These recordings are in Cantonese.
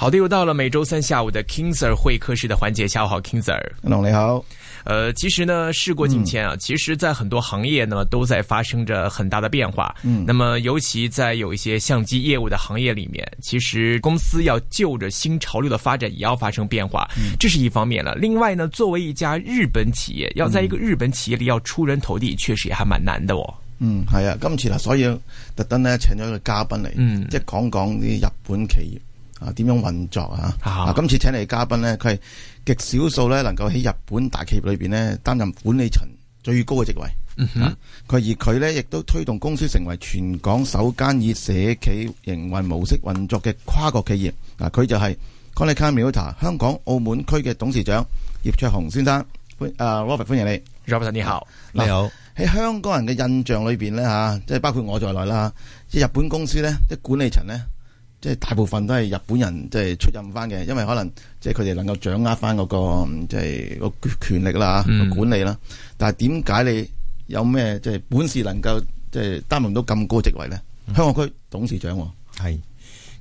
好的，又到了每周三下午的 King Sir 會客室的環節。下午好，King Sir。Hello，你好。呃，其實呢，事過境遷啊、嗯，其實，在很多行業呢，都在發生着很大的變化。嗯，那麼尤其在有一些相機業務的行業裏面，其實公司要就着新潮流的發展，也要發生變化。嗯，這是一方面了。另外呢，作為一家日本企業，要在一個日本企業裏要出人頭地，嗯、確實也還蠻難的哦。嗯，係啊，今次呢，所以特登呢，請咗一個嘉賓嚟，嗯，即係講講啲日本企業。啊，點樣運作啊？ 啊，今次請嚟嘅嘉賓咧，佢係極少數咧，能夠喺日本大企業裏邊咧，擔任管理層最高嘅職位。佢 而佢咧亦都推動公司成為全港首間以社企營運模式運作嘅跨國企業。嗱、啊，佢就係 Konica Minolta 香港澳門區嘅董事長葉卓雄先生。歡、啊，誒 Robert，歡迎你。Robert 你好，唉你好。喺香港人嘅印象裏邊咧嚇，即係包括我在內啦。即係日本公司咧，即管理層咧。即係大部分都係日本人即係出任翻嘅，因為可能即係佢哋能夠掌握翻嗰個即係個權力啦嚇，管理啦。但係點解你有咩即係本事能夠即係擔任到咁高職位咧？香港區董事長係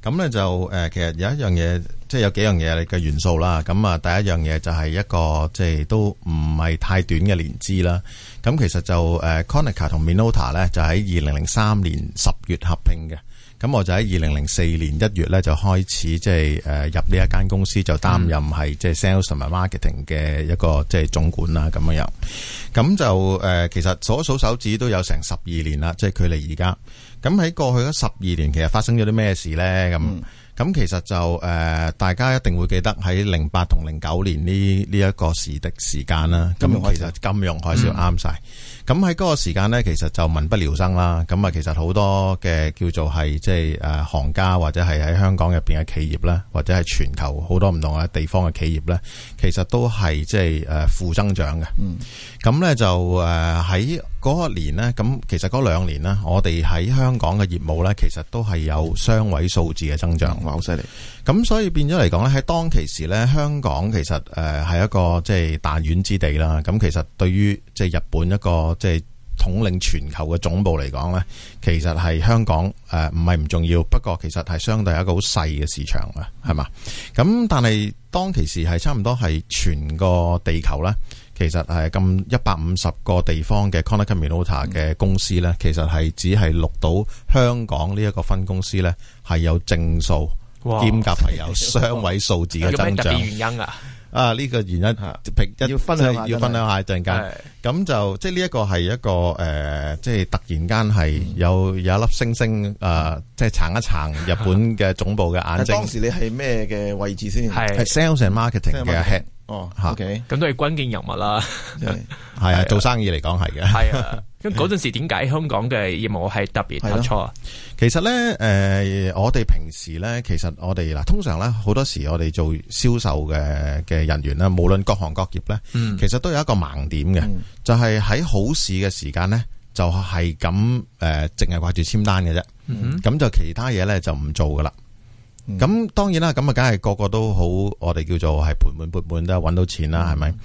咁咧就誒，其實有一樣嘢，即係有幾樣嘢嘅元素啦。咁啊，第一樣嘢就係一個即係都唔係太短嘅年資啦。咁其實就誒，Konica 同 Minolta 咧就喺二零零三年十月合併嘅。咁我就喺二零零四年一月咧就開始即係誒入呢一間公司就擔任係、嗯、即係 sales 同埋 marketing 嘅一個即係總管啦，咁樣樣。咁就誒其實數一數手指都有成十二年啦，即係距離而家。咁喺過去嗰十二年其實發生咗啲咩事呢？咁咁、嗯、其實就誒、呃、大家一定會記得喺零八同零九年呢呢一個時的時間啦。咁其實金融、嗯、海嘯啱晒。嗯咁喺嗰個時間呢，其實就民不聊生啦。咁啊，其實好多嘅叫做係即係誒、呃，行家或者係喺香港入邊嘅企業呢，或者係全球好多唔同嘅地方嘅企業呢，其實都係即係誒負增長嘅。咁呢、嗯、就誒喺。呃嗰一年呢，咁其實嗰兩年呢，我哋喺香港嘅業務呢，其實都係有雙位數字嘅增長，哇、嗯！好犀利。咁所以變咗嚟講呢，喺當其時呢，香港其實誒係一個即係彈丸之地啦。咁其實對於即係日本一個即係統領全球嘅總部嚟講呢，其實係香港誒唔係唔重要，不過其實係相對係一個好細嘅市場啦，係嘛？咁但係當其時係差唔多係全個地球啦。其實係咁一百五十個地方嘅 Konica Minolta 嘅公司咧，其實係只係錄到香港呢一個分公司咧係有正數，兼夾係有雙位數字嘅增長。有咩特別原因啊？啊，呢個原因啊，要分享要分享下陣間。咁就即係呢一個係一個誒，即係突然間係有有一粒星星啊，即係撐一撐日本嘅總部嘅眼睛。當時你係咩嘅位置先？係 sales and marketing 嘅哦、oh，OK，咁都係關鍵人物啦，係啊， 啊做生意嚟講係嘅，係啊，因為嗰陣時點解香港嘅業務係特別唔錯？其實咧，誒、呃，我哋平時咧，其實我哋嗱，通常咧，好多時我哋做銷售嘅嘅人員咧，無論各行各業咧，嗯、其實都有一個盲點嘅、嗯，就係喺好市嘅時間咧，就係咁，誒，淨係掛住簽單嘅啫，咁就、嗯、其他嘢咧就唔做噶啦。咁、嗯、當然啦，咁啊，梗係個個都好，我哋叫做係盤滿缽滿都揾到錢啦，係咪？咁、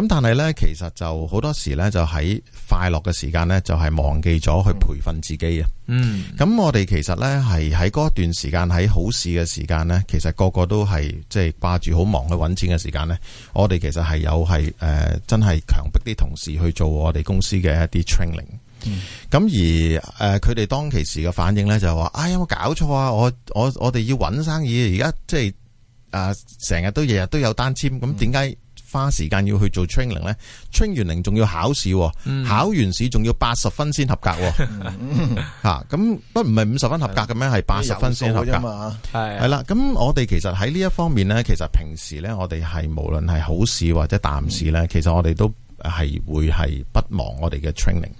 嗯、但係呢，其實就好多時呢，就喺快樂嘅時間呢，就係忘記咗去培訓自己啊。嗯。咁我哋其實呢，係喺嗰段時間喺好事嘅時間呢，其實個個都係即係掛住好忙去揾錢嘅時間呢。我哋其實係有係誒、呃、真係強迫啲同事去做我哋公司嘅一啲 training。咁而誒，佢哋當其時嘅反應咧，就係話，哎，有冇搞錯啊？我我我哋要搵生意，而家即係誒，成日都日日都有單簽，咁點解花時間要去做 training 咧？training 完仲要考試，考完試仲要八十分先合格，吓咁不唔係五十分合格嘅咩？係八十分先合格嘛？係係啦，咁我哋其實喺呢一方面咧，其實平時咧，我哋係無論係好市或者淡市咧，其實我哋都，係會係不忘我哋嘅 training，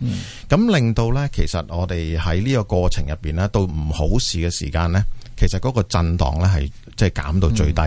咁、嗯、令到呢，其實我哋喺呢個過程入邊呢，到唔好事嘅時間呢，其實嗰個震盪呢係即係減到最低。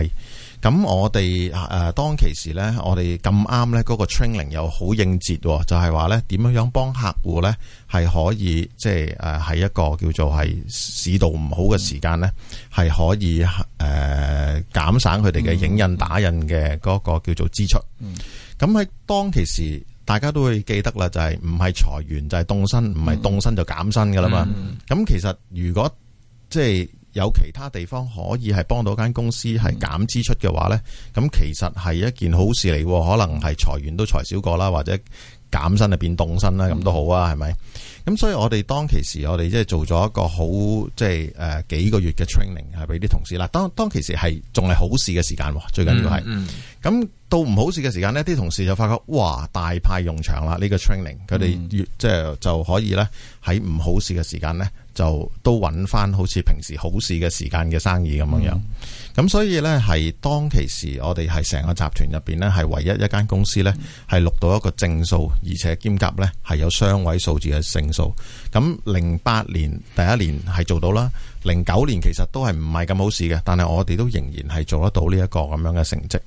咁、嗯、我哋誒、呃、當其時呢，我哋咁啱呢嗰個 training 又好應節，就係話呢點樣樣幫客戶呢？係可以即係誒喺一個叫做係市道唔好嘅時間呢，係、嗯、可以誒減、呃、省佢哋嘅影印、打印嘅嗰個叫做支出。嗯嗯咁喺當其時，大家都會記得啦，就係唔係裁員就係、是、凍薪，唔係凍薪就減薪噶啦嘛。咁、嗯、其實如果即係有其他地方可以係幫到間公司係減支出嘅話呢，咁、嗯、其實係一件好事嚟，可能係裁員都裁少過啦，或者。減薪啊變凍薪啦，咁都好啊，係咪？咁、嗯、所以我哋當其時我哋即係做咗一個好即係誒、呃、幾個月嘅 training 係俾啲同事啦。當當其時係仲係好事嘅時間，最緊要係。咁、嗯嗯、到唔好事嘅時間呢，啲同事就發覺哇，大派用場啦呢，呢個 training，佢哋即係就可以呢，喺唔好事嘅時間呢。」就都揾翻好似平時好事嘅時間嘅生意咁樣樣，咁、嗯、所以呢，係當其時我哋係成個集團入邊呢係唯一一間公司呢係錄到一個正數，而且兼夾呢係有雙位數字嘅勝數。咁零八年第一年係做到啦，零九年其實都係唔係咁好事嘅，但係我哋都仍然係做得到呢一個咁樣嘅成績。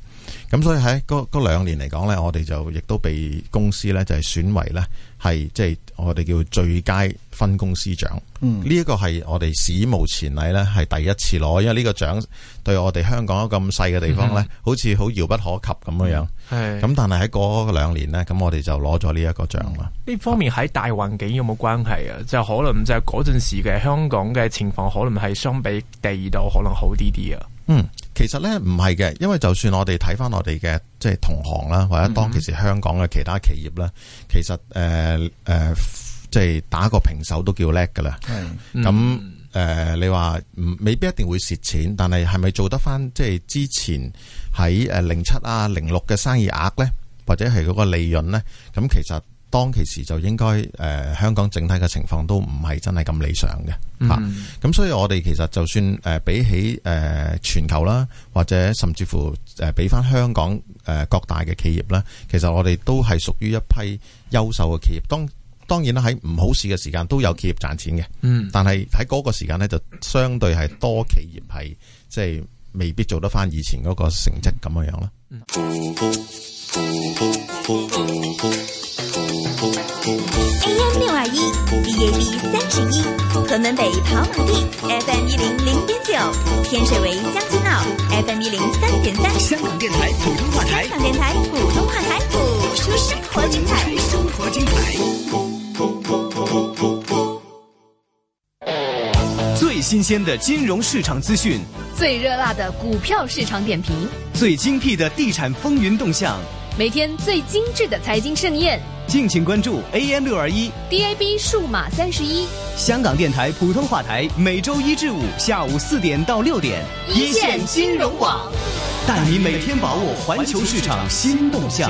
咁所以喺嗰嗰兩年嚟講呢我哋就亦都被公司呢，就係、是、選為呢係即係我哋叫最佳。分公司獎呢一個係我哋史無前例咧，係第一次攞，因為呢個獎對我哋香港咁細嘅地方咧，嗯、好似好遙不可及咁樣樣。係咁、嗯，但係喺嗰兩年咧，咁我哋就攞咗呢一個獎啦。呢、嗯、方面喺大環境有冇關係啊？就可能就係嗰陣時嘅香港嘅情況，可能係相比第二度可能好啲啲啊。嗯，其實咧唔係嘅，因為就算我哋睇翻我哋嘅即係同行啦，或者當其時香港嘅其他企業咧，嗯嗯、其實誒誒。呃呃呃即係打個平手都叫叻噶啦，咁誒是、嗯嗯，你話未必一定會蝕錢，但係係咪做得翻即係之前喺誒零七啊零六嘅生意額呢，或者係嗰個利潤呢？咁其實當其時就應該誒、呃，香港整體嘅情況都唔係真係咁理想嘅吓。咁、嗯啊、所以我哋其實就算誒、呃、比起誒、呃、全球啦，或者甚至乎誒比翻香港誒、呃、各大嘅企業啦，其實我哋都係屬於一批優秀嘅企業。當當然啦，喺唔好市嘅時間都有企業賺錢嘅，嗯、但係喺嗰個時間呢，就相對係多企業係即係未必做得返以前嗰個成績咁樣樣咯。生活精彩，生活精彩。最新鮮的金融市場資訊，最熱辣的股票市場點評，最精闢的地產風雲動向，每天最精緻的財經盛宴。敬請關注 AM 六二一 DAB 數碼三十一香港電台普通話台，每周一至五下午四點到六點，一線金融網帶你每天把握環球市場新動向。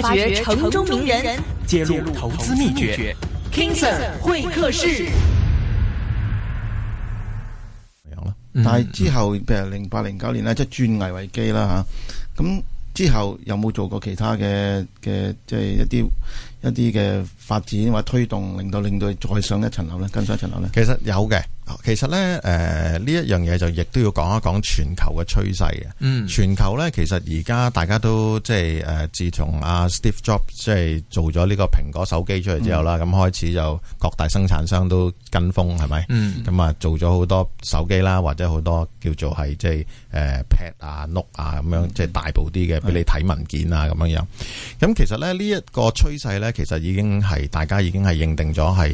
發掘城中名人，揭露投資秘訣。King Sir Sir, 會客室。係咯、嗯，但係之後，譬如零八零九年咧，即係轉危為機啦吓。咁、啊、之後有冇做過其他嘅嘅，即係一啲？一啲嘅發展或者推動，令到令到再上一層樓咧，更上一層樓咧。其實有嘅，其實咧誒呢一樣嘢就亦都要講一講全球嘅趨勢嘅。嗯，全球咧其實而家大家都即係誒自從阿 Steve Jobs 即係做咗呢個蘋果手機出嚟之後啦，咁開始就各大生產商都跟風係咪？嗯，咁啊做咗好多手機啦，或者好多叫做係即係誒 pad 啊、note 啊咁樣即係大部啲嘅俾你睇文件啊咁樣樣，咁其實咧呢一個趨勢咧。其實已經係大家已經係認定咗係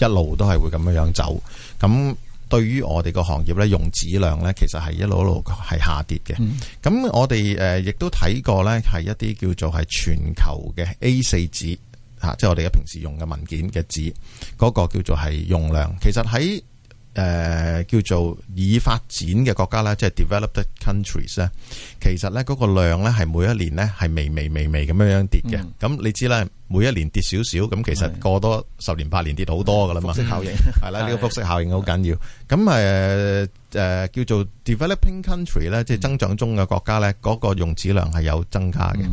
一路都係會咁樣樣走，咁對於我哋個行業咧，用紙量咧，其實係一路一路係下跌嘅。咁、嗯、我哋誒、呃、亦都睇過咧，係一啲叫做係全球嘅 A4 紙吓，即係我哋嘅平時用嘅文件嘅紙，嗰、嗰個叫做係用量，其實喺。誒叫做已發展嘅國家咧，即係 developed countries 咧，其實咧嗰個量咧係每一年咧係微微微微咁樣樣跌嘅。咁你知咧，每一年跌少少，咁其實過多十年八年跌好多㗎啦嘛。複式效應係啦，呢個複式效應好緊要。咁誒。誒、呃、叫做 developing country 咧，即係增長中嘅國家咧，嗰、那個用紙量係有增加嘅。咁、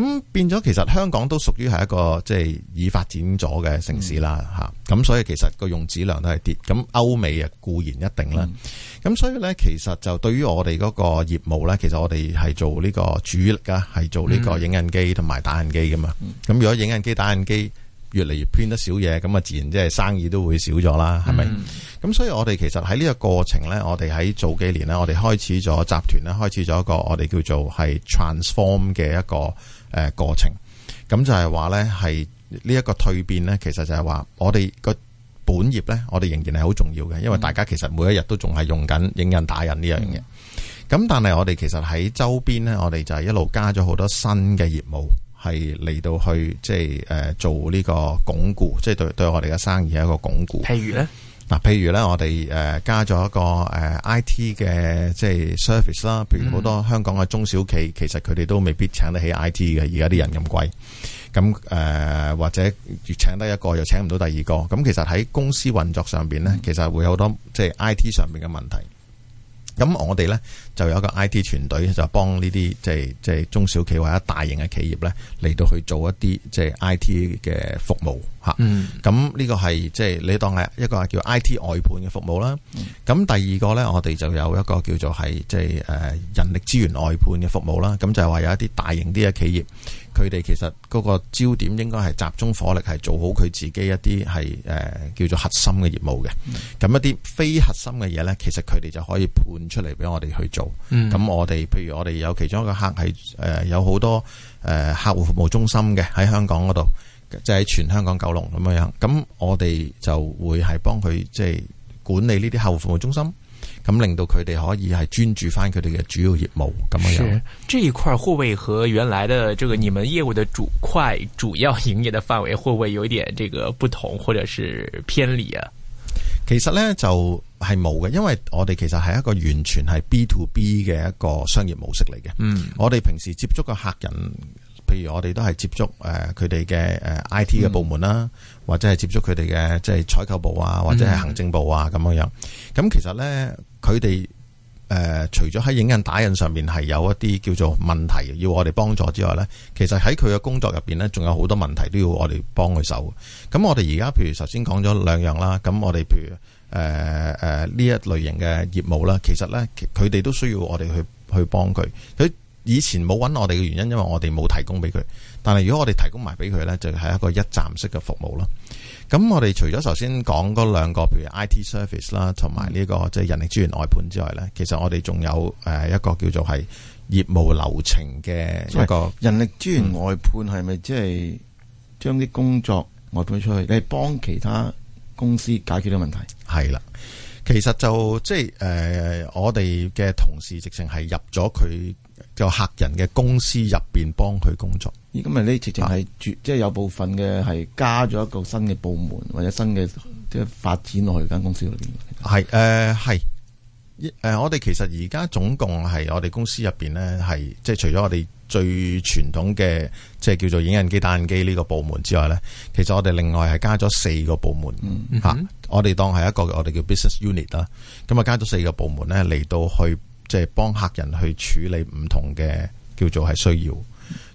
嗯、變咗其實香港都屬於係一個即係已發展咗嘅城市啦，嚇、嗯。咁、啊、所以其實個用紙量都係跌。咁歐美啊固然一定啦。咁、嗯、所以咧其實就對於我哋嗰個業務咧，其實我哋係做呢個主力啊，係做呢個影印機同埋打印機㗎嘛。咁、嗯、如果影印機、打印機越嚟越偏得少嘢，咁啊自然即係生意都會少咗啦，係咪？咁、嗯、所以我哋其實喺呢個過程呢，我哋喺早幾年呢，我哋開始咗集團咧，開始咗一個我哋叫做係 transform 嘅一個誒過程。咁就係話呢，係呢一個蛻變呢，其實就係話我哋個本業呢，我哋仍然係好重要嘅，因為大家其實每一日都仲係用緊影印打印呢樣嘢。咁、嗯、但係我哋其實喺周邊呢，我哋就係一路加咗好多新嘅業務。係嚟到去即係誒、呃、做呢個鞏固，即係對對我哋嘅生意有一個鞏固。譬如咧嗱、啊，譬如咧，我哋誒加咗一個誒、呃、I T 嘅即係 service 啦。譬如好多香港嘅中小企，其實佢哋都未必請得起 I T 嘅。而家啲人咁貴咁誒、呃，或者越請得一個又請唔到第二個。咁其實喺公司運作上邊咧，其實會有好多即係 I T 上面嘅問題。咁我哋呢就有一個 I T 團隊就幫呢啲即係即係中小企或者大型嘅企業呢嚟到去做一啲即係 I T 嘅服務嚇。咁呢、嗯啊、個係即係你當係一個叫 I T 外判嘅服務啦。咁、嗯、第二個呢，我哋就有一個叫做係即係誒人力資源外判嘅服務啦。咁就係、是、話有一啲大型啲嘅企業，佢哋其實嗰個焦點應該係集中火力係做好佢自己一啲係誒叫做核心嘅業務嘅。咁、嗯、一啲非核心嘅嘢呢，其實佢哋就可以判出嚟俾我哋去做。咁、嗯、我哋譬如我哋有其中一個客係誒、呃、有好多誒、呃、客戶服務中心嘅喺香港嗰度，就喺、即係、全香港九龍咁樣樣。咁我哋就會係幫佢即係管理呢啲客戶服務中心。咁令到佢哋可以係專注翻佢哋嘅主要業務咁樣是樣。呢一塊會唔會和原來的這個你們業務嘅主塊主要營業嘅範圍會唔會有點這個不同，或者是偏離啊？其實咧就係冇嘅，因為我哋其實係一個完全係 B to B 嘅一個商業模式嚟嘅。嗯，我哋平時接觸嘅客人，譬如我哋都係接觸誒佢哋嘅誒 I T 嘅部門啦，嗯、或者係接觸佢哋嘅即係採購部啊，或者係行政部啊咁樣、嗯、樣。咁其實咧。佢哋誒，除咗喺影印、打印上面，係有一啲叫做問題，要我哋幫助之外呢，其實喺佢嘅工作入邊呢，仲有好多問題都要我哋幫佢手。咁我哋而家譬如頭先講咗兩樣啦，咁我哋譬如誒誒呢一類型嘅業務啦，其實呢，佢哋都需要我哋去去幫佢。佢以前冇揾我哋嘅原因，因為我哋冇提供俾佢。但係如果我哋提供埋俾佢呢，就係一個一站式嘅服務啦。咁我哋除咗頭先講嗰兩個，譬如 IT service 啦，同埋呢個即係人力資源外判之外呢，其實我哋仲有誒一個叫做係業務流程嘅一個人力資源外判。係咪即係將啲工作外判出去？你幫其他公司解決啲問題？係啦。其實就即係誒，我哋嘅同事直情係入咗佢嘅客人嘅公司入邊幫佢工作。今日呢，直情係即係有部分嘅係加咗一個新嘅部門，或者新嘅即係發展落去間公司裏邊。係誒係，誒、呃呃、我哋其實而家總共係我哋公司入邊呢，係即係除咗我哋最傳統嘅即係叫做影印機、打印機呢個部門之外咧，其實我哋另外係加咗四個部門吓。嗯是嗯我哋當係一個我哋叫 business unit 啦，咁啊加咗四個部門咧嚟到去即係幫客人去處理唔同嘅叫做係需要，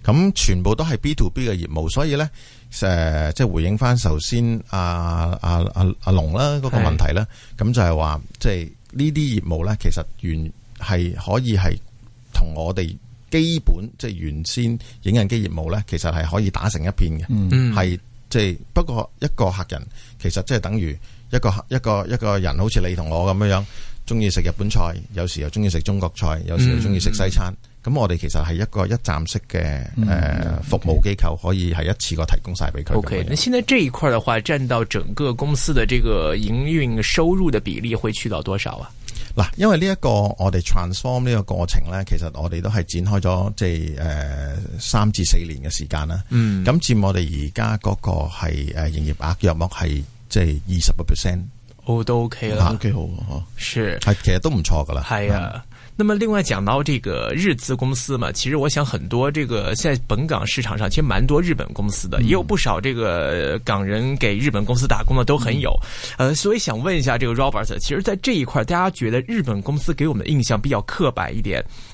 咁全部都係 B to B 嘅業務，所以咧誒即係回應翻頭先阿阿阿阿龍啦嗰個問題咧，咁是就係話即係呢啲業務咧其實原係可以係同我哋基本即係原先影印機業務咧，其實係可以打成一片嘅，係即係不過一個客人其實即係等於。一個一個一個人好似你同我咁樣樣，中意食日本菜，有時又中意食中國菜，有時又中意食西餐。咁、嗯嗯、我哋其實係一個一站式嘅誒、嗯呃、服務機構，可以係一次過提供晒俾佢。OK，那現在這一塊嘅話，佔到整個公司的這個營運收入的比例會去到多少啊？嗱，因為呢、這、一個我哋 transform 呢個過程呢，其實我哋都係展開咗即係三、呃、至四年嘅時間啦。嗯，咁佔、嗯、我哋而家嗰個係誒營業額約莫係。即係二十個 percent，哦都 OK 啦，OK 好啊，吓是，是係其實都唔錯噶啦，係啊、哎呀。嗯、那麼另外講到這個日資公司嘛，其實我想很多這個現在本港市場上，其實蠻多日本公司的，嗯、也有不少這個港人給日本公司打工的都很有。嗯、呃，所以想問一下這個 Robert，其實，在這一塊，大家覺得日本公司給我們的印象比較刻板一點。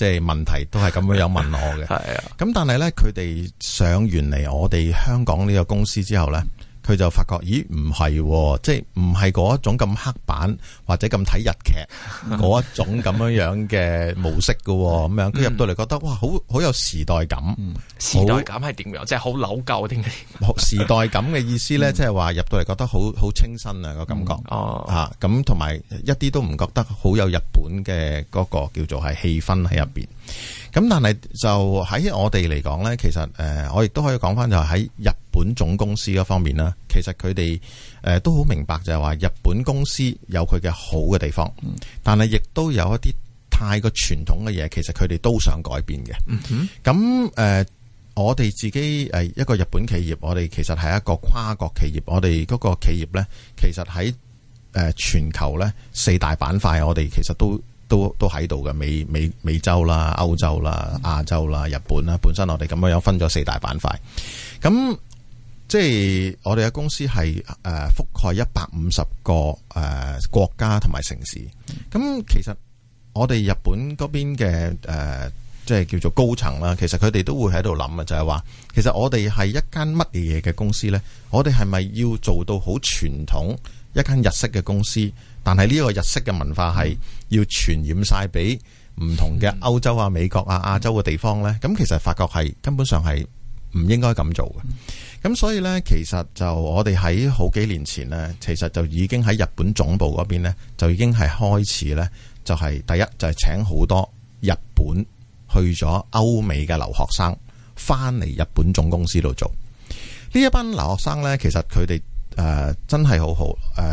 即係問題都係咁樣有問我嘅，係 是啊。咁但係咧，佢哋上完嚟我哋香港呢個公司之後咧。佢就發覺，咦，唔係，即係唔係嗰一種咁黑板或者咁睇日劇嗰一種咁樣樣嘅模式噶，咁樣佢入到嚟覺得，哇，好好有時代感。時代感係點樣？即係好扭舊添。時代感嘅意思咧，即係話入到嚟覺得好好清新啊個感覺，啊，咁同埋一啲都唔覺得好有日本嘅嗰個叫做係氣氛喺入邊。咁但係就喺我哋嚟講咧，其實誒，我亦都可以講翻就喺日。本總公司嗰方面啦，其實佢哋誒都好明白就，就係話日本公司有佢嘅好嘅地方，但係亦都有一啲太過傳統嘅嘢，其實佢哋都想改變嘅。咁誒、嗯哼呃，我哋自己誒、呃、一個日本企業，我哋其實係一個跨國企業，我哋嗰個企業咧，其實喺誒、呃、全球咧四大板塊，我哋其實都都都喺度嘅，美美美洲啦、歐洲啦、亞洲啦、日本啦，本身我哋咁樣有分咗四大板塊咁。即係我哋嘅公司係誒、呃、覆蓋一百五十個誒、呃、國家同埋城市，咁、嗯、其實我哋日本嗰邊嘅誒、呃、即係叫做高層啦，其實佢哋都會喺度諗嘅，就係、是、話其實我哋係一間乜嘢嘢嘅公司呢？我哋係咪要做到好傳統一間日式嘅公司？但係呢個日式嘅文化係要傳染晒俾唔同嘅歐洲啊、美國啊、亞洲嘅地方呢。咁、嗯、其實發覺係根本上係。唔應該咁做嘅，咁所以呢，其實就我哋喺好幾年前呢，其實就已經喺日本總部嗰邊呢，就已經係開始呢，就係、是、第一就係、是、請好多日本去咗歐美嘅留學生翻嚟日本總公司度做。呢一班留學生呢，其實佢哋誒真係好好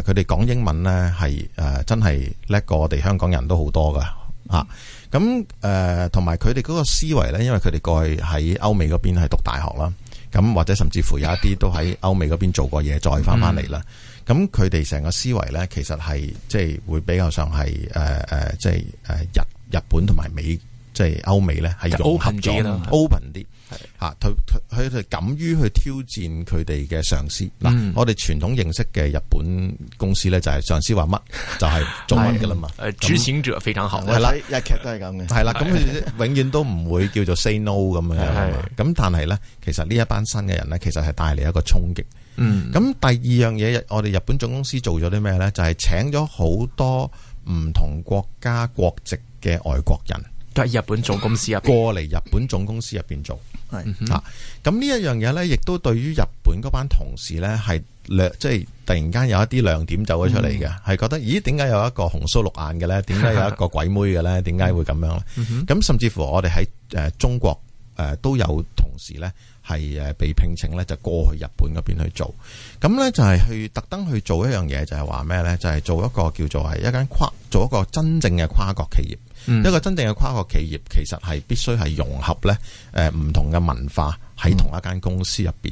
誒，佢哋講英文呢，係誒、呃、真係叻過我哋香港人都好多噶啊！嗯咁誒，同埋佢哋嗰個思維呢，因為佢哋過去喺歐美嗰邊係讀大學啦，咁或者甚至乎有一啲都喺歐美嗰邊做過嘢，再翻翻嚟啦。咁佢哋成個思維呢，其實係即係會比較上係誒誒，即係誒日日本同埋美。即係歐美咧，係 open 啲啦，open 啲吓，佢佢佢敢於去挑戰佢哋嘅上司嗱、嗯。我哋傳統認識嘅日本公司咧，就係、是、上司話乜就係做乜噶啦嘛。執行、呃嗯嗯、者非常好係啦、嗯，日劇都係咁嘅係啦。咁佢永遠都唔會叫做 say no 咁樣，咁但係咧，其實一呢一班新嘅人咧，其實係帶嚟一個衝擊。咁、嗯嗯、第二樣嘢，我哋日本總公司做咗啲咩咧？就係、是、請咗好多唔同國家國籍嘅外，外國人。喺日本總公司入， 過嚟日本總公司入邊做。係吓、嗯哼，咁呢一樣嘢呢，亦都對於日本嗰班同事呢，係即係突然間有一啲亮點走咗出嚟嘅，係、嗯、覺得咦，點解有一個紅鬚綠眼嘅呢？點解有一個鬼妹嘅呢？點解會咁樣呢？咁、嗯哼啊、甚至乎我哋喺誒中國誒、呃、都有同事呢，係誒、呃、被聘請呢，就過去日本嗰邊去做。咁呢，就係、是、去特登去做一樣嘢，就係話咩呢？就係、是、做一個叫做係一間跨，做一個真正嘅跨國企業。一個真正嘅跨國企業，其實係必須係融合咧，誒唔同嘅文化喺同一間公司入邊。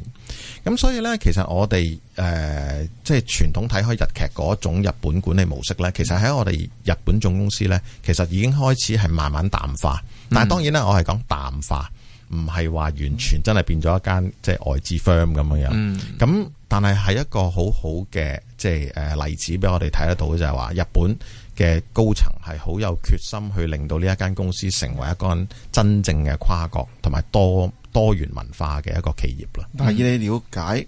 咁、嗯、所以呢，其實我哋誒、呃、即係傳統睇開日劇嗰種日本管理模式呢，其實喺我哋日本總公司呢，其實已經開始係慢慢淡化。但係當然咧，我係講淡化，唔係話完全真係變咗一間、嗯、即係外資 firm 咁樣樣。咁、嗯、但係係一個好好嘅即係誒、呃、例子俾我哋睇得到就係、是、話日本。嘅高層係好有決心去令到呢一間公司成為一間真正嘅跨國同埋多多元文化嘅一個企業啦。但係、嗯、以你了解，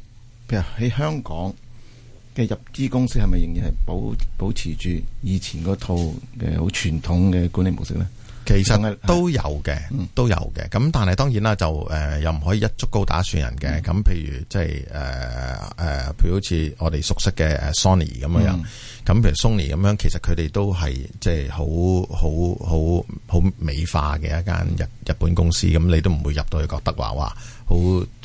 譬如喺香港嘅日資公司係咪仍然係保保持住以前個套嘅好傳統嘅管理模式咧？其實都有嘅，都有嘅。咁但係當然啦，就誒、呃、又唔可以一竹篙打算人嘅。咁譬、嗯、如即係誒誒，譬、呃呃、如好似我哋熟悉嘅 Sony 咁樣。咁譬、嗯、如 Sony 咁樣，其實佢哋都係即係好好好好美化嘅一間日日本公司。咁、嗯、你都唔會入到去覺得話，嘩，好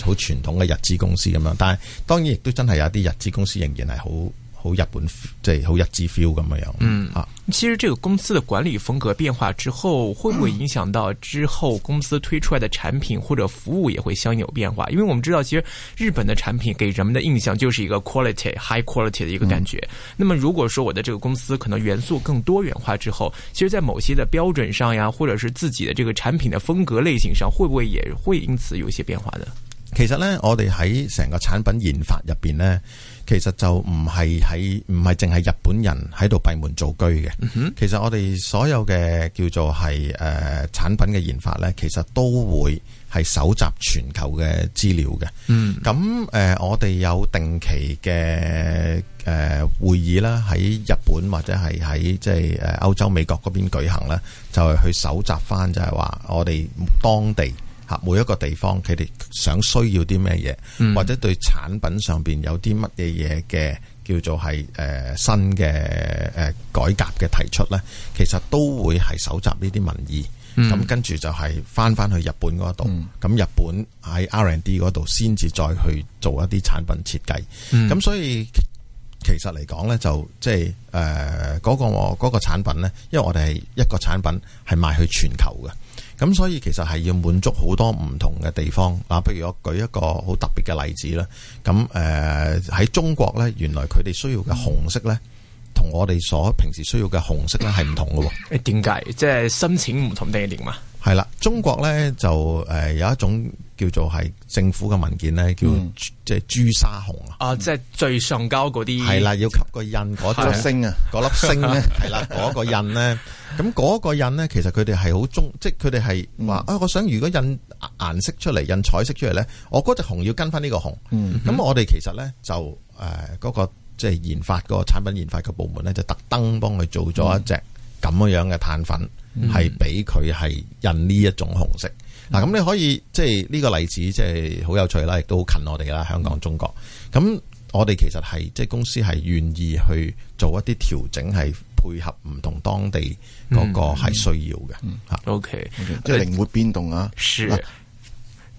好傳統嘅日資公司咁樣。但係當然亦都真係有啲日資公司仍然係好。好日本即係、就、好、是、日資 feel 咁樣樣，嗯啊，其實這個公司的管理風格變化之後，會不會影響到之後公司推出來的產品或者服務也會相應有變化？因為我們知道，其實日本的產品給人們的印象就是一個 quality high quality 的一個感覺。嗯、那麼如果說我的這個公司可能元素更多元化之後，其實，在某些的標準上呀，或者是自己的這個產品的風格類型上，會不會也會因此有一些變化呢？其實呢，我哋喺成個產品研發入邊呢。其實就唔係喺唔係淨係日本人喺度閉門造車嘅。嗯、哼其實我哋所有嘅叫做係誒、呃、產品嘅研發呢，其實都會係搜集全球嘅資料嘅。咁誒、嗯哼呃，我哋有定期嘅誒、呃、會議啦，喺日本或者係喺即係誒歐洲、美國嗰邊舉行啦，就係、是、去搜集翻，就係話我哋當地。每一個地方，佢哋想需要啲咩嘢，嗯、或者對產品上邊有啲乜嘢嘢嘅叫做係誒、呃、新嘅誒、呃、改革嘅提出呢，其實都會係搜集呢啲民意。咁、嗯、跟住就係翻翻去日本嗰度，咁、嗯、日本喺 R&D 嗰度先至再去做一啲產品設計。咁、嗯、所以其實嚟講呢，就即係誒嗰個嗰、嗰個、產品呢，因為我哋係一個產品係賣去全球嘅。咁所以其實係要滿足好多唔同嘅地方，嗱，譬如我舉一個好特別嘅例子啦。咁誒喺中國呢，原來佢哋需要嘅紅色呢，同我哋所平時需要嘅紅色呢係唔同嘅喎。誒點解？即係深淺唔同定係點嘛？係啦，中國咧就誒、呃、有一種叫做係政府嘅文件咧，叫即係朱砂紅啊！嗯、啊，即係最上交嗰啲係啦，要吸個印嗰粒、那個、星啊，嗰、那、粒、個、星咧係啦，嗰、 那個印咧，咁、那、嗰個印咧，其實佢哋係好中，即係佢哋係話啊，我想如果印顏色出嚟，印彩色出嚟咧，我嗰隻紅要跟翻呢個紅。咁、嗯、我哋其實咧就誒嗰、呃那個即係研發、那個產品研發個部門咧，就特登幫佢做咗一隻咁樣樣嘅碳粉。嗯係俾佢係印呢一種紅色嗱。咁你可以即係呢個例子即係好有趣啦，亦都好近我哋啦，香港中國咁，我哋其實係即係公司係願意去做一啲調整，係配合唔同當地嗰個係需要嘅吓。OK，即係靈活變動啊，是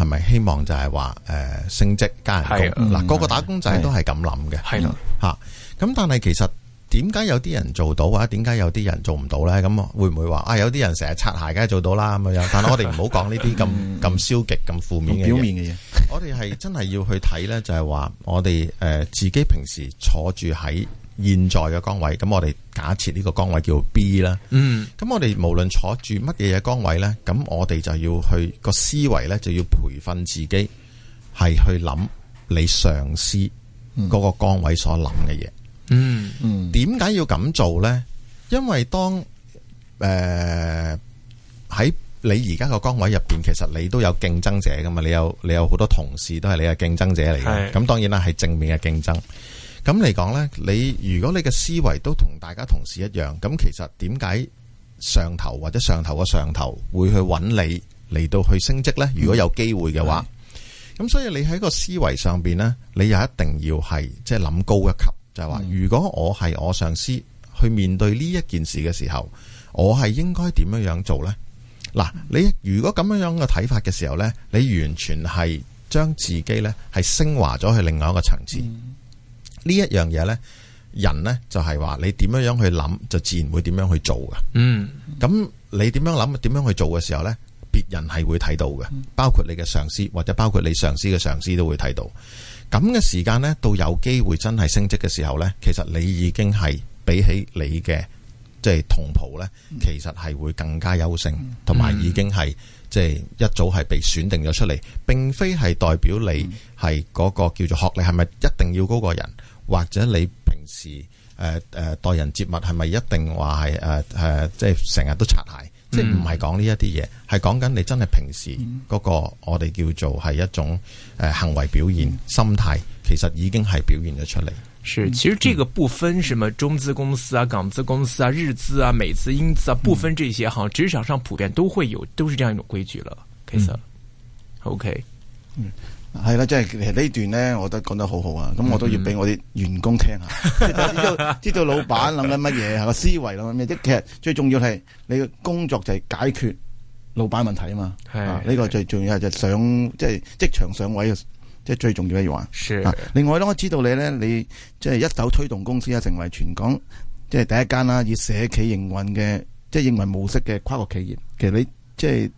係咪希望就係話，誒，升職加人工，嗱個、嗯、個打工仔都係咁諗嘅係啦吓。咁但係其實點解有啲人做到，或者點解有啲人做唔到咧？咁會唔會話啊，有啲人成日擦鞋梗係做到啦咁樣。但係我哋唔好講呢啲咁咁消極咁負面嘅表面嘅嘢 我哋係真係要去睇咧，就係話我哋誒、呃呃、自己平時坐住喺現在嘅崗位，咁我哋假設呢個崗位叫 B 啦。嗯，咁我哋無論坐住乜嘢嘅崗位呢，咁我哋就要去個思維呢，就要培訓自己係去諗你上司嗰個崗位所諗嘅嘢。嗯嗯，點解要咁做呢？因為當誒喺你而家個崗位入邊，其實你都有競爭者㗎嘛。你有你有好多同事都係你嘅競爭者嚟嘅。咁當然啦，係正面嘅競爭。咁嚟講呢，你如果你嘅思維都同大家同事一樣，咁其實點解上頭或者上頭嘅上頭會去揾你嚟到去升職呢？如果有機會嘅話，咁是所以你喺個思維上邊呢，你又一定要係即係諗高一級，就係、是、話是如果我係我上司去面對呢一件事嘅時候，我係應該點樣樣做呢？嗱、嗯，你如果咁樣樣嘅睇法嘅時候呢，你完全係將自己呢，係升華咗去另外一個層次。嗯呢一樣嘢呢，人呢就係話你點樣樣去諗，就自然會點樣去做噶。嗯，咁你點樣諗，點樣去做嘅時候呢，別人係會睇到嘅，嗯、包括你嘅上司，或者包括你上司嘅上司都會睇到。咁嘅時間呢，到有機會真係升職嘅時候呢，其實你已經係比起你嘅即係同袍呢，其實係會更加優勝，同埋、嗯、已經係即係一早係被選定咗出嚟，並非係代表你係嗰個叫做學歷係咪一定要高個人？或者你平時誒誒待人接物係咪一定話係誒誒即係成日都擦鞋？嗯、即係唔係講呢一啲嘢？係講緊你真係平時嗰個我哋叫做係一種誒、呃、行為表現、心態，其實已經係表現咗出嚟。是，其實這個不分什麼中資公司啊、港資公司啊、日資啊、美資、英資啊，不分這些行，職場、嗯、上普遍都會有，都是這樣一種規矩了。k i OK，嗯。Okay. 嗯係啦，即係其實呢段咧，我覺得講得好好啊。咁、嗯、我都要俾我啲員工聽下 知，知道老闆諗緊乜嘢，個 思維諗緊咩。即係最重要係你嘅工作就係解決老闆問題啊嘛。係是啊，呢是個最重要係就上、是就是、即係職場上位嘅，即、就、係、是、最重要一環。是、啊。另外咧，我知道你咧，你即係一手推動公司啊，成為全港即係第一間啦，以社企營運嘅即係營運模式嘅跨國企業。其實你即係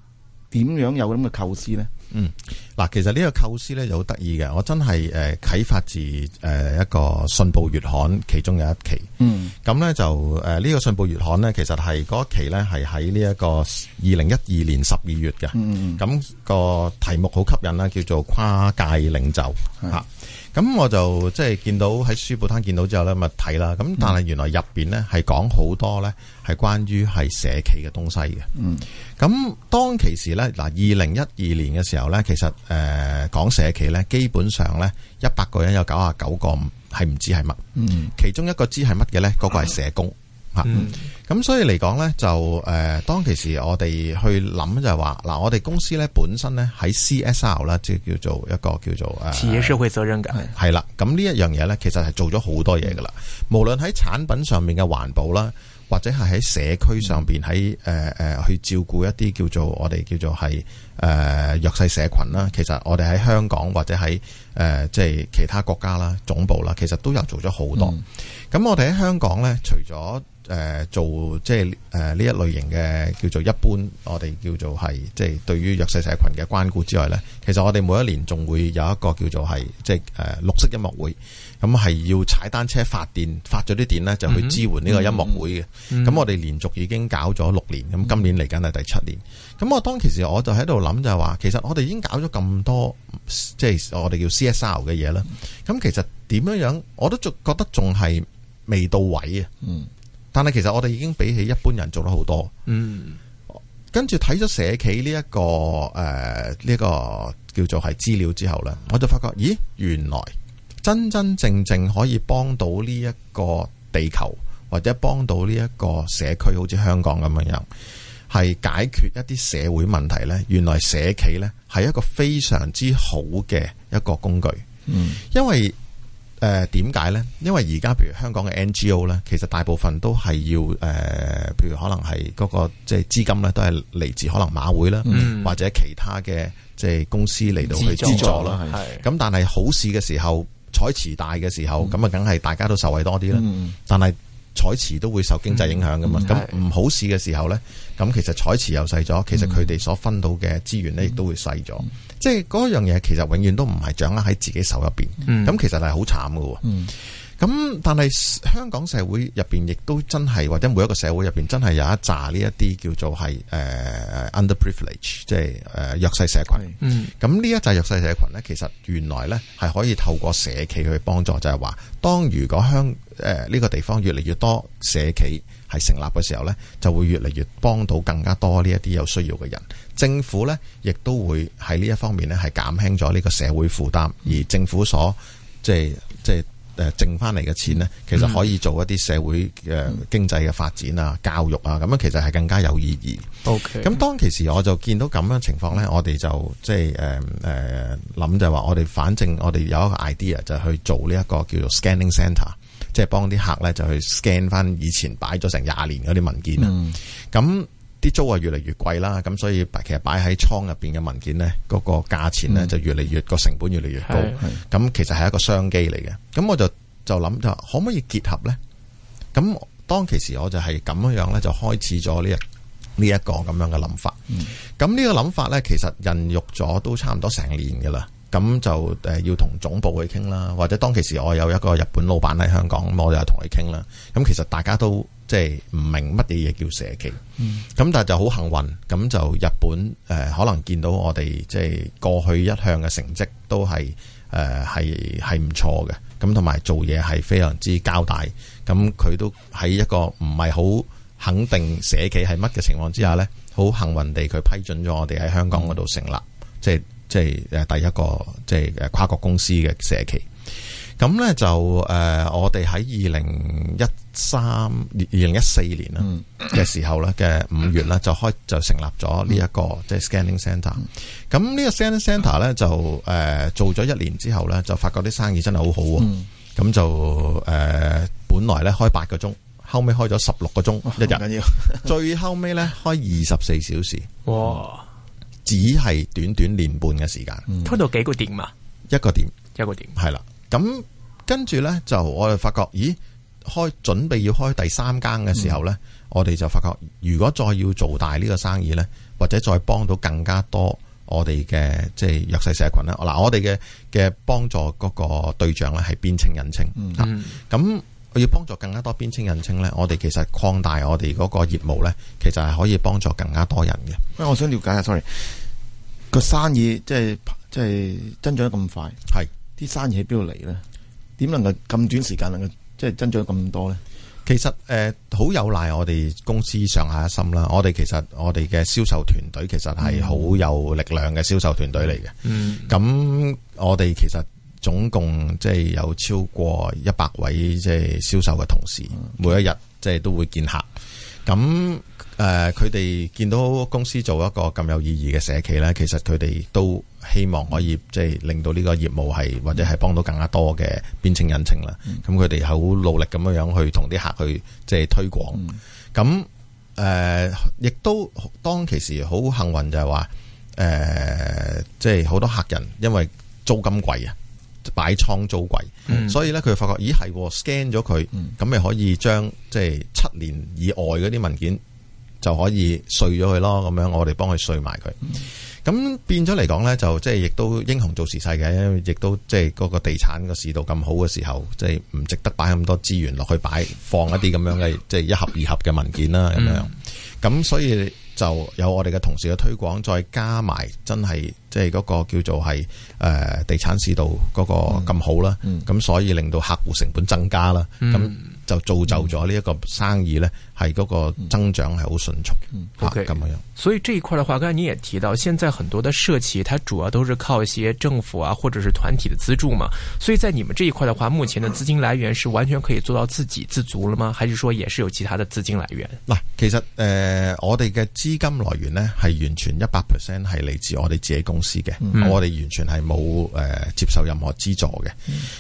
點樣有咁嘅構思咧？嗯，嗱，其實呢個構思呢就好得意嘅，我真係誒啟發自誒、呃、一個信報月刊其中有一期，嗯，咁呢就誒呢、呃這個信報月刊呢，其實係嗰期呢，係喺呢一個二零一二年十二月嘅，嗯嗯，咁個題目好吸引啦，叫做跨界領袖吓。的咁我就即係見到喺書報攤見到之後咧，咪睇啦。咁但係原來入邊咧係講好多咧係關於係社企嘅東西嘅。嗯，咁當其時咧嗱，二零一二年嘅時候咧，其實誒講、呃、社企咧，基本上咧一百個人有九十九個係唔知係乜。嗯，其中一個知係乜嘢咧，嗰、嗰個係社工。啊吓，咁所以嚟講咧，就誒，當其時我哋去諗就係話，嗱，我哋公司咧本身咧喺 CSR 啦，即係叫做一個叫做誒，企業社會責任感係啦。咁呢一樣嘢咧，其實係做咗好多嘢噶啦。無論喺產品上面嘅環保啦，或者係喺社區上邊喺誒誒去照顧一啲叫做我哋叫做係誒弱勢社群啦。其實我哋喺香港或者喺誒即係其他國家啦總部啦，其實都有做咗好多。咁我哋喺香港咧，除咗誒、呃、做即係誒呢一類型嘅叫做一般，我哋叫做係即係對於弱勢社群嘅關顧之外呢，其實我哋每一年仲會有一個叫做係即係、呃、誒綠色音樂會，咁係要踩單車發電，發咗啲電呢就去支援呢個音樂會嘅。咁、嗯嗯嗯、我哋連續已經搞咗六年，咁今年嚟緊係第七年。咁我當其時我就喺度諗就係、是、話，其實我哋已經搞咗咁多即係我哋叫 CSR 嘅嘢啦。咁其實點樣樣我都仲覺得仲係未到位啊。嗯。但係其實我哋已經比起一般人做得好多。嗯，跟住睇咗社企呢、這、一個誒呢、呃這個叫做係資料之後呢，我就發覺，咦，原來真真正正可以幫到呢一個地球，或者幫到呢一個社區，好似香港咁樣樣，係解決一啲社會問題呢。原來社企呢係一個非常之好嘅一個工具。嗯，因為。誒點解呢？因為而家譬如香港嘅 NGO 呢，其實大部分都係要誒、呃，譬如可能係嗰個即係資金呢，都係嚟自可能馬會啦，嗯、或者其他嘅即係公司嚟到去資助啦。咁但係好事嘅時候，彩池大嘅時候，咁啊、嗯，梗係大家都受惠多啲啦。嗯、但係彩池都會受經濟影響噶嘛？咁唔、嗯、好市嘅時候呢，咁其實彩池又細咗，其實佢哋所分到嘅資源呢，亦都會細咗。嗯、即係嗰樣嘢，其實永遠都唔係掌握喺自己手入邊。咁、嗯、其實係好慘噶。咁、嗯、但係香港社會入邊，亦都真係或者每一個社會入邊，真係有一紮呢一啲叫做係誒 uh, underprivileged 即係、uh, 弱勢社群。咁呢一紮弱勢社群呢，其實原來呢係可以透過社企去幫助，就係、是、話當如果香誒，呢個地方越嚟越多社企係成立嘅時候呢，就會越嚟越幫到更加多呢一啲有需要嘅人。政府呢亦都會喺呢一方面呢係減輕咗呢個社會負擔。而政府所即係即係誒，剩翻嚟嘅錢呢，其實可以做一啲社會嘅經濟嘅發展啊、教育啊，咁樣其實係更加有意義。OK. 咁當其時，我就見到咁樣情況呢，我哋就即係誒誒諗就話，我哋反正我哋有一個 idea 就去做呢一個叫做 Scanning Center。即係幫啲客咧就去 scan 翻以前擺咗成廿年嗰啲文件啊，咁啲、嗯、租啊越嚟越貴啦，咁所以其實擺喺倉入邊嘅文件呢，嗰、嗰個價錢呢就越嚟越個、嗯、成本越嚟越高，咁、嗯、其實係一個商機嚟嘅，咁我就就諗就可唔可以結合呢？咁當其時我就係咁樣樣咧，就開始咗呢一呢一個咁樣嘅諗法，咁呢、嗯、個諗法呢，其實孕育咗都差唔多成年噶啦。咁就誒，要同總部去傾啦，或者當其時我有一個日本老闆喺香港，咁我又同佢傾啦。咁其實大家都即係唔明乜嘢嘢叫社企，咁、嗯、但係就好幸運，咁就日本誒可能見到我哋即係過去一向嘅成績都係誒，係、呃，係唔錯嘅，咁同埋做嘢係非常之交代，咁佢都喺一個唔係好肯定社企係乜嘅情況之下咧，好幸運地佢批准咗我哋喺香港嗰度成立，嗯、即係。即係誒，第一個即係誒，跨國公司嘅社企，咁咧就誒、呃，我哋喺二零一三年、二零一四年啦嘅時候咧嘅五月咧，就開就成立咗呢一個、嗯、即係 Scanning Center。咁呢、嗯、個 Scanning Center 咧就誒、呃、做咗一年之後咧，就發覺啲生意真係好好，啊，咁、嗯、就誒、呃、本來咧開八個鐘，後尾開咗十六個鐘，一日，唔緊要，最後尾咧開二十四小時， 小時嗯、哇！只係短短年半嘅時間，推到幾個點嘛？一個點，一個點，係啦。咁跟住呢，就我哋發覺，咦？開準備要開第三間嘅時候呢，嗯、我哋就發覺，如果再要做大呢個生意呢，或者再幫到更加多我哋嘅即係弱勢社群咧，嗱，我哋嘅嘅幫助嗰個對象呢，係邊情人情、嗯、啊，咁。我要幫助更加多邊清人清呢，我哋其實擴大我哋嗰個業務呢，其實係可以幫助更加多人嘅。誒，我想了解下，sorry，個生意即係即係增長得咁快，係是，啲生意喺邊度嚟呢？點能夠咁短時間能夠即係增長咁多呢？其實誒，好、呃、有賴我哋公司上下一心啦。我哋其實我哋嘅銷售團隊其實係好有力量嘅銷售團隊嚟嘅。嗯，咁我哋其實。總共即係有超過一百位即係銷售嘅同事，每一日即係都會見客。咁誒，佢、呃、哋見到公司做一個咁有意義嘅社企呢，其實佢哋都希望可以即係令到呢個業務係或者係幫到更加多嘅邊情引情啦。咁佢哋好努力咁樣樣去同啲客去即係推廣。咁誒、嗯呃，亦都當其時好幸運就係話誒，即係好多客人因為租金貴啊。擺倉租櫃，嗯、所以咧佢發覺，咦，係 scan 咗佢，咁咪可以將即係七年以外嗰啲文件就可以碎咗佢咯。咁樣我哋幫佢碎埋佢，咁、嗯、變咗嚟講咧就即係亦都英雄造時勢嘅，因亦都即係嗰個地產個市道咁好嘅時候，即係唔值得擺咁多資源落去擺放，放一啲咁樣嘅即係一盒二盒嘅文件啦，咁樣，咁、嗯、所以。就有我哋嘅同事嘅推廣，再加埋真係即係嗰個叫做係誒、呃、地產市道嗰個咁好啦，咁、嗯、所以令到客戶成本增加啦，咁、嗯、就造就咗呢一個生意咧。係嗰個增長係好迅速，吓咁 Okay. 樣。所以這一塊的話，剛才你也提到，現在很多的社企，它主要都是靠一些政府啊，或者是團體的資助嘛。所以在你們這一塊的話，目前的資金來源是完全可以做到自給自足了嗎？還是說也是有其他的資金來源？嗱，其實誒、呃，我哋嘅資金來源呢，係完全一百 percent 係嚟自我哋自己公司嘅，mm. 我哋完全係冇誒接受任何資助嘅。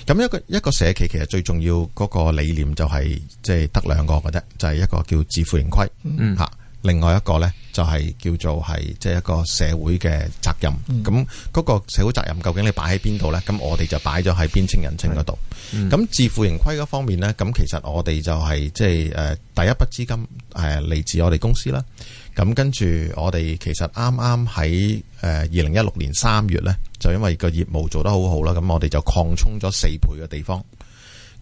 咁、mm. 一個一個社企其實最重要嗰個理念就係即係得兩個嘅啫，就係、是就是、一個。叫自負盈虧，吓、嗯，另外一個呢，就係叫做係即係一個社會嘅責任，咁嗰、嗯、個社會責任究竟你擺喺邊度呢？咁我哋就擺咗喺邊清人清嗰度。咁、嗯、自負盈虧嗰方面呢，咁其實我哋就係即係誒第一筆資金誒嚟自我哋公司啦。咁跟住我哋其實啱啱喺誒二零一六年三月呢，就因為個業務做得好好啦，咁我哋就擴充咗四倍嘅地方。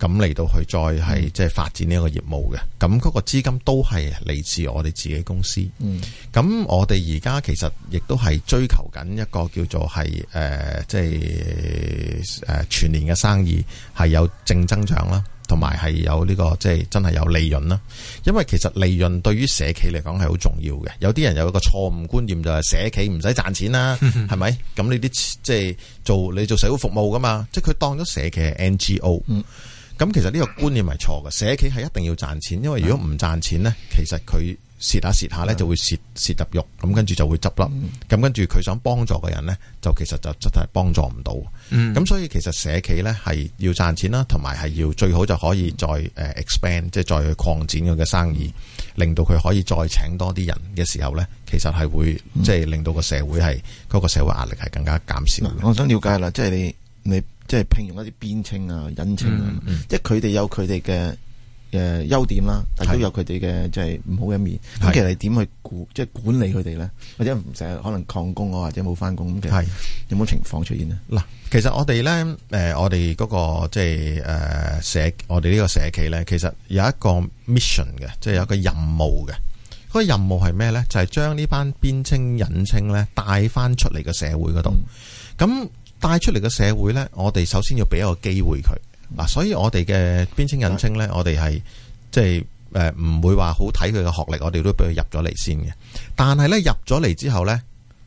咁嚟到去再係即係發展呢一個業務嘅，咁嗰、嗯、個資金都係嚟自我哋自己公司。嗯，咁我哋而家其實亦都係追求緊一個叫做係誒，即係誒全年嘅生意係有正增長啦，同埋係有呢、這個即係、就是、真係有利潤啦。因為其實利潤對於社企嚟講係好重要嘅。有啲人有一個錯誤觀念就係、是、社企唔使賺錢啦，係咪、嗯？咁你啲即係做你做社會服務噶嘛，即係佢當咗社企係 NGO、嗯。咁其實呢個觀念係錯嘅，社企係一定要賺錢，因為如果唔賺錢呢，其實佢蝕下蝕下呢就會蝕蝕入肉，咁、嗯、跟住就會執笠，咁、嗯、跟住佢想幫助嘅人呢，就其實就真係幫助唔到。咁、嗯、所以其實社企呢，係要賺錢啦，同埋係要最好就可以再誒 expand，即係再去擴展佢嘅生意，令到佢可以再請多啲人嘅時候呢，其實係會、嗯、即係令到個社會係嗰、那個社會壓力係更加減少。我想了解啦，即係你你。你即係聘用一啲邊青啊、隱青啊，嗯嗯、即係佢哋有佢哋嘅誒優點啦，是但都有佢哋嘅即係唔好嘅面。咁是其實你點去管即係管理佢哋咧？或者唔成日可能曠工啊，或者冇翻工咁，是其實有冇情況出現呢？嗱，其實我哋咧誒，我哋嗰、那個即係誒、呃、社，我哋呢個社企咧，其實有一個 mission 嘅，即係有一個任務嘅。嗰、那個任務係咩咧？就係、是、將呢班邊青、隱青咧帶翻出嚟嘅社會嗰度。咁、嗯帶出嚟嘅社會呢，我哋首先要俾一個機會佢，嗱、嗯，所以我哋嘅邊清引清、嗯就是呃、呢，我哋係即係誒唔會話好睇佢嘅學歷，我哋都俾佢入咗嚟先嘅。但係呢，入咗嚟之後呢，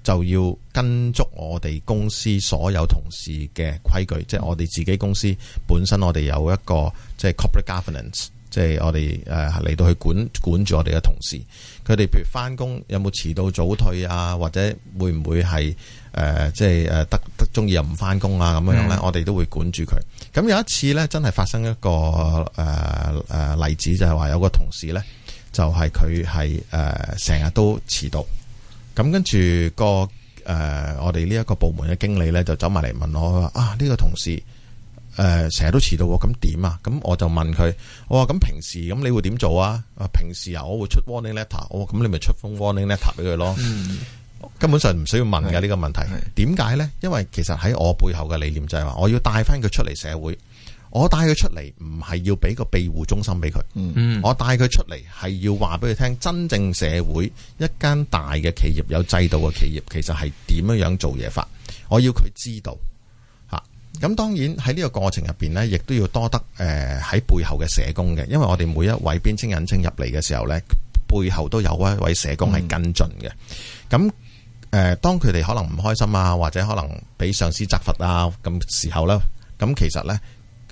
就要跟足我哋公司所有同事嘅規矩，即係、嗯、我哋自己公司本身，我哋有一個即係、就是、corporate governance，即係我哋誒嚟到去管管住我哋嘅同事。佢哋譬如翻工有冇遲到早退啊，或者會唔會係誒、呃、即係誒得得中意又唔翻工啊咁樣咧，我哋都會管住佢。咁有一次咧，真係發生一個誒誒、呃呃、例子，就係話有個同事咧，就係佢係誒成日都遲到。咁跟住、那個誒、呃、我哋呢一個部門嘅經理咧，就走埋嚟問我話：啊呢、呢個同事。誒，成日、呃、都遲到，咁點啊？咁我就問佢，我話咁平時咁你會點做啊？啊，平時啊我會出 warning letter，我咁你咪出封 warning letter 俾佢咯。嗯，根本上唔需要問嘅呢是個問題。點解是呢？因為其實喺我背後嘅理念就係話，我要帶翻佢出嚟社會。我帶佢出嚟唔係要俾個庇護中心俾佢，嗯、我帶佢出嚟係要話俾佢聽，真正社會一間大嘅企業，有制度嘅企業，其實係點樣樣做嘢法。我要佢知道。咁當然喺呢個過程入邊呢，亦都要多得誒喺、呃、背後嘅社工嘅，因為我哋每一位邊清引清入嚟嘅時候呢，背後都有一位社工係跟進嘅。咁誒、嗯，當佢哋可能唔開心啊，或者可能俾上司責罰啊咁時候呢，咁其實呢，誒、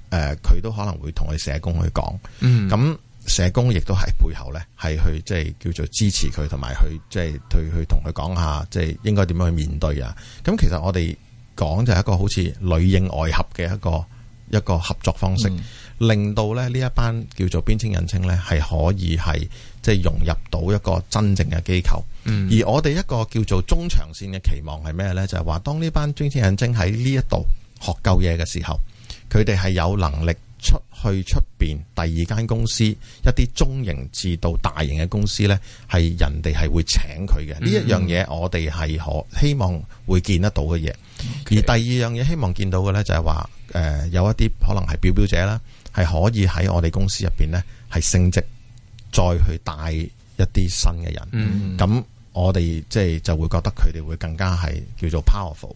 呃，佢都可能會同佢社工去講。咁、嗯、社工亦都係背後呢，係去即係叫做支持佢，同埋去即係去去同佢講下，即係應該點樣去面對啊。咁其實我哋。講就係一個好似裡應外合嘅一個一個合作方式，嗯、令到咧呢一班叫做邊青隱青咧係可以係即係融入到一個真正嘅機構。嗯、而我哋一個叫做中長線嘅期望係咩呢？就係、是、話當呢班邊青隱青喺呢一度學夠嘢嘅時候，佢哋係有能力。出去出邊第二間公司，一啲中型至到大型嘅公司咧，係人哋係會請佢嘅呢，一樣嘢，我哋係可希望會見得到嘅嘢。嗯、而第二樣嘢希望見到嘅咧，就係話誒，有一啲可能係表表者啦，係可以喺我哋公司入邊咧，係升職，再去帶一啲新嘅人。咁、嗯、我哋即係就會覺得佢哋會更加係叫做 powerful。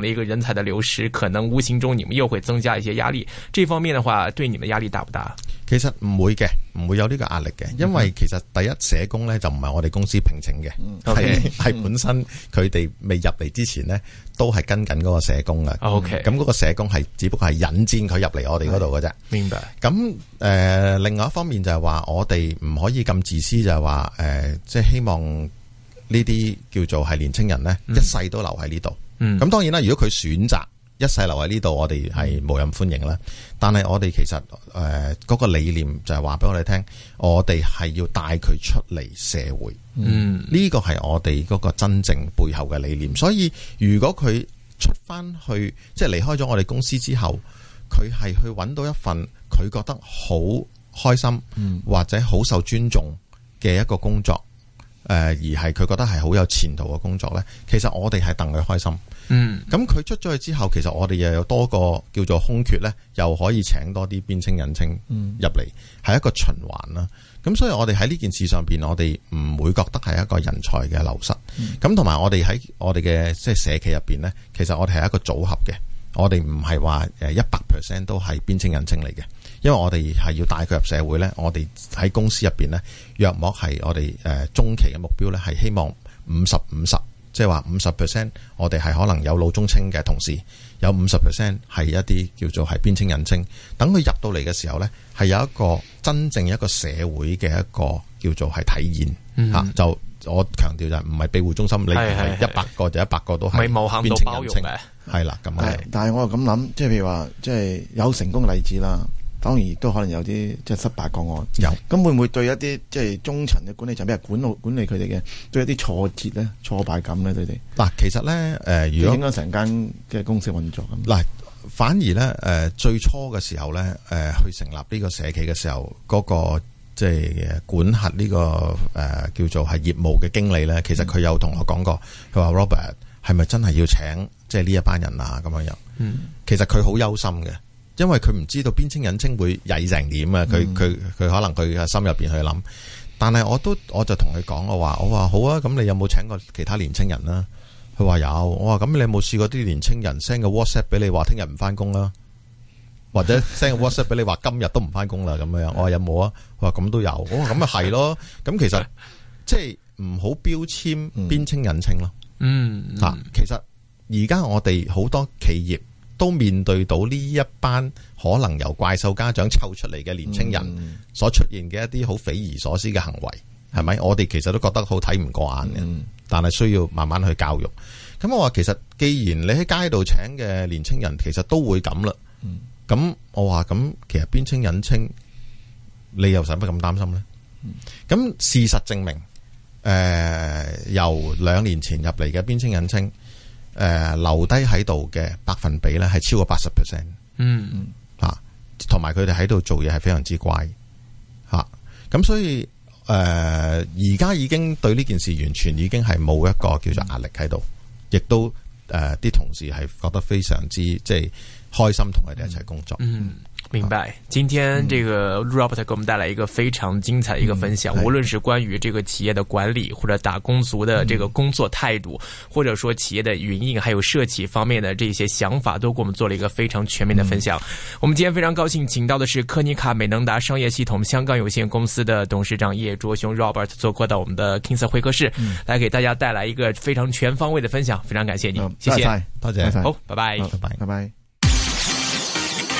一個人才的流失，可能無形中你們又會增加一些壓力。這方面的話，對你們壓力大不大？其實唔會嘅，唔會有呢個壓力嘅，因為其實第一社工呢，就唔係我哋公司聘請嘅，係本身佢哋未入嚟之前呢，都係跟緊嗰個社工嘅。OK，咁嗰個社工係只不過係引薦佢入嚟我哋嗰度嘅啫。明白咁誒、呃，另外一方面就係話我哋唔可以咁自私，就係話誒，即、呃、係、就是、希望呢啲叫做係年青人呢，一世都留喺呢度。咁、嗯、當然啦，如果佢選擇一世留喺呢度，我哋係無任歡迎啦。但係我哋其實誒嗰、呃嗰個理念就係話俾我哋聽，我哋係要帶佢出嚟社會。嗯，呢個係我哋嗰個真正背後嘅理念。所以如果佢出返去，即、就、係、是、離開咗我哋公司之後，佢係去揾到一份佢覺得好開心，或者好受尊重嘅一個工作。誒、呃，而係佢覺得係好有前途嘅工作呢，其實我哋係戥佢開心。嗯，咁佢出咗去之後，其實我哋又有多個叫做空缺呢，又可以請多啲邊青隱青入嚟，係、嗯、一個循環啦。咁所以我哋喺呢件事上邊，我哋唔會覺得係一個人才嘅流失。咁同埋我哋喺我哋嘅即係社企入邊呢，其實我哋係一個組合嘅，我哋唔係話誒一百 percent 都係邊青隱青嚟嘅。因為我哋係要帶佢入社會呢。我哋喺公司入邊呢，約莫係我哋誒、呃、中期嘅目標呢，係希望五十五十，即係話五十 percent，我哋係可能有老中青嘅同事，有五十 percent 係一啲叫做係邊青人青。等佢入到嚟嘅時候呢，係有一個真正一個社會嘅一個叫做係體驗吓、嗯哼啊。就我強調就唔係庇護中心，你唔係一百個就一百個都係冇，冇到包養嘅係啦。咁、嗯、哼樣，但樣，但係我又咁諗，即係譬如話，即係有成功例子啦。當然都可能有啲即係失敗個案，有咁會唔會對一啲即係中層嘅管理層，譬如管管理佢哋嘅，對一啲挫折咧、挫敗感咧，佢哋嗱，其實咧，誒、呃，如果影響成間嘅公司運作咁，嗱、呃，呃、反而咧，誒、呃，最初嘅時候咧，誒、呃，去成立呢個社企嘅時候，嗰、那個即係、就是、管轄呢、這個誒、呃、叫做係業務嘅經理咧，其實佢有同我講過，佢話、嗯、Robert 係咪真係要請即係呢一班人啊，咁樣樣，嗯，其實佢好憂心嘅。因為佢唔知道邊青隱青會曳成點啊。佢佢佢可能佢喺心入邊去諗，但係我都我就同佢講，我話我話好啊！咁你有冇請過其他年青人啦？佢話有，我話咁你有冇試過啲年青人 send 個 WhatsApp 俾你話聽日唔翻工啦，或者 send 個 WhatsApp 俾你話今日都唔翻工啦，咁樣，我話有冇啊？佢話咁都有，咁啊係咯。咁 其實即係唔好標籤邊青隱青咯，嗯。嗯、啊、嗯，其實而家我哋好多企業，都面對到呢一班可能由怪獸家長湊出嚟嘅年青人所出現嘅一啲好匪夷所思嘅行為，係咪？我哋其實都覺得好睇唔過眼嘅，但係需要慢慢去教育。咁我話其實，既然你喺街度請嘅年青人其實都會咁啦，咁我話咁，其實邊青隱青，你又使乜咁擔心呢？咁事實證明，誒，由兩年前入嚟嘅邊青隱青。誒、呃，留低喺度嘅百分比咧，係超過八十 percent。嗯嗯，啊，同埋佢哋喺度做嘢係非常之乖，吓、啊、咁所以誒而家已經對呢件事完全已經係冇一個叫做壓力喺度，亦、嗯、都誒啲、呃、同事係覺得非常之即係。開心同佢哋一齊工作。嗯，明白。今天這個 Robert 給我們帶來一個非常精彩一個分享，無論是關於這個企業的管理，或者打工族的這個工作態度，或者說企業的運營，還有社企方面的這些想法，都給我們做了一個非常全面的分享。我們今天非常高興，請到的是柯尼卡美能達商業系統香港有限公司的董事長葉卓雄 Robert，做客到我們的 King Sir 會客室，來給大家帶來一個非常全方位的分享。非常感謝你，謝謝大家，好，拜，拜拜，拜拜。